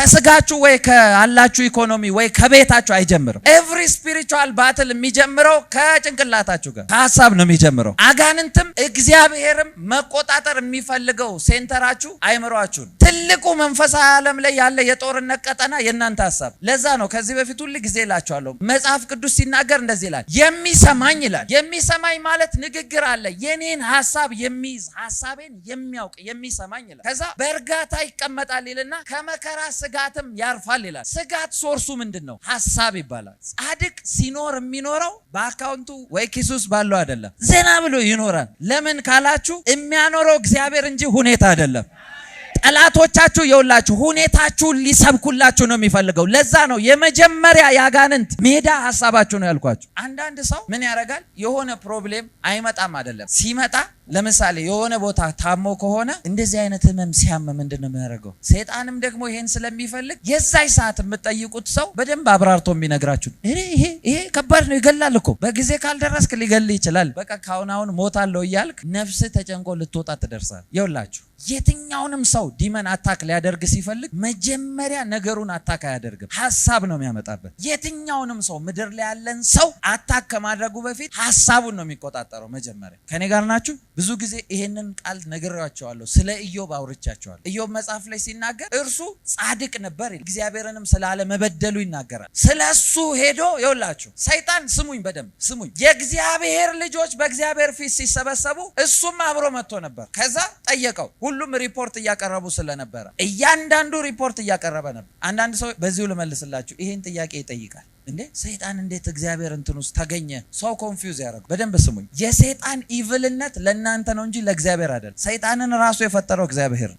ከስጋችሁ ወይ ካላችሁ ኢኮኖሚ ወይ ከቤታችሁ አይጀምርም። ኤቭሪ ስፒሪቹዋል ባትል የሚጀምረው ከጭንቅላታችሁ ጋር ከሀሳብ ነው የሚጀምረው። አጋንንትም እግዚአብሔርም መቆጣጠር የሚፈልገው ሴንተራችሁ አይምሯችሁን። ትልቁ መንፈሳዊ ዓለም ላይ ያለ የጦርነት ቀጠና የእናንተ ሀሳብ። ለዛ ነው ከዚህ በፊት ሁል ጊዜ እላችኋለሁ መጽሐፍ ቅዱስ ሲናገር እንደዚህ ይላል፣ የሚሰማኝ ይላል። የሚሰማኝ ማለት ንግግር አለ። የኔን ሀሳብ የሚይዝ ሀሳቤን የሚያውቅ የሚሰማኝ ይላል። ከዛ በእርጋታ ይቀመጣል ይልና ከመከራ ስጋትም ያርፋል ይላል። ስጋት ሶርሱ ምንድን ነው? ሀሳብ ይባላል። ጻድቅ ሲኖር የሚኖረው በአካውንቱ ወይ ኪሱስ ባለው አይደለም፣ ዘና ብሎ ይኖራል። ለምን ካላችሁ የሚያኖረው እግዚአብሔር እንጂ ሁኔታ አይደለም። ጠላቶቻችሁ የውላችሁ ሁኔታችሁን ሊሰብኩላችሁ ነው የሚፈልገው። ለዛ ነው የመጀመሪያ ያጋንንት ሜዳ ሀሳባችሁ ነው ያልኳችሁ። አንዳንድ ሰው ምን ያደርጋል? የሆነ ፕሮብሌም አይመጣም አይደለም፣ ሲመጣ ለምሳሌ የሆነ ቦታ ታሞ ከሆነ እንደዚህ አይነት ህመም ሲያም ምንድን ነው የሚያደርገው? ሰይጣንም ደግሞ ይሄን ስለሚፈልግ የዛች ሰዓት የምጠይቁት ሰው በደንብ አብራርቶ የሚነግራችሁ ይሄ ይሄ ከባድ ነው፣ ይገላል እኮ በጊዜ ካልደረስክ ሊገል ይችላል። በቃ ካሁን አሁን ሞታለሁ እያልክ ነፍስ ተጨንቆ ልትወጣ ትደርሳል። ይውላችሁ የትኛውንም ሰው ዲመን አታክ ሊያደርግ ሲፈልግ መጀመሪያ ነገሩን አታክ አያደርግም፣ ሀሳብ ነው የሚያመጣበት። የትኛውንም ሰው ምድር ላይ ያለን ሰው አታክ ከማድረጉ በፊት ሀሳቡን ነው የሚቆጣጠረው መጀመሪያ። ከኔ ጋር ናችሁ? ብዙ ጊዜ ይሄንን ቃል ነግሬያቸዋለሁ። ስለ ኢዮብ አውርቻቸዋለሁ። ኢዮብ መጽሐፍ ላይ ሲናገር እርሱ ጻድቅ ነበር፣ እግዚአብሔርንም ስላለመበደሉ ይናገራል። ስለ እሱ ሄዶ ይውላችሁ፣ ሰይጣን ስሙኝ፣ በደንብ ስሙኝ። የእግዚአብሔር ልጆች በእግዚአብሔር ፊት ሲሰበሰቡ እሱም አብሮ መጥቶ ነበር። ከዛ ጠየቀው። ሁሉም ሪፖርት እያቀረቡ ስለነበረ እያንዳንዱ ሪፖርት እያቀረበ ነበር። አንዳንድ ሰው በዚሁ ልመልስላችሁ፣ ይሄን ጥያቄ ይጠይቃል። እንዴ ሰይጣን እንዴት እግዚአብሔር እንትን ውስጥ ተገኘ? ሰው ኮንፊውዝ ያደረጉ በደንብ ስሙኝ። የሰይጣን ኢቭልነት ለእናንተ ነው እንጂ ለእግዚአብሔር አይደል። ሰይጣንን ራሱ የፈጠረው እግዚአብሔር ነው።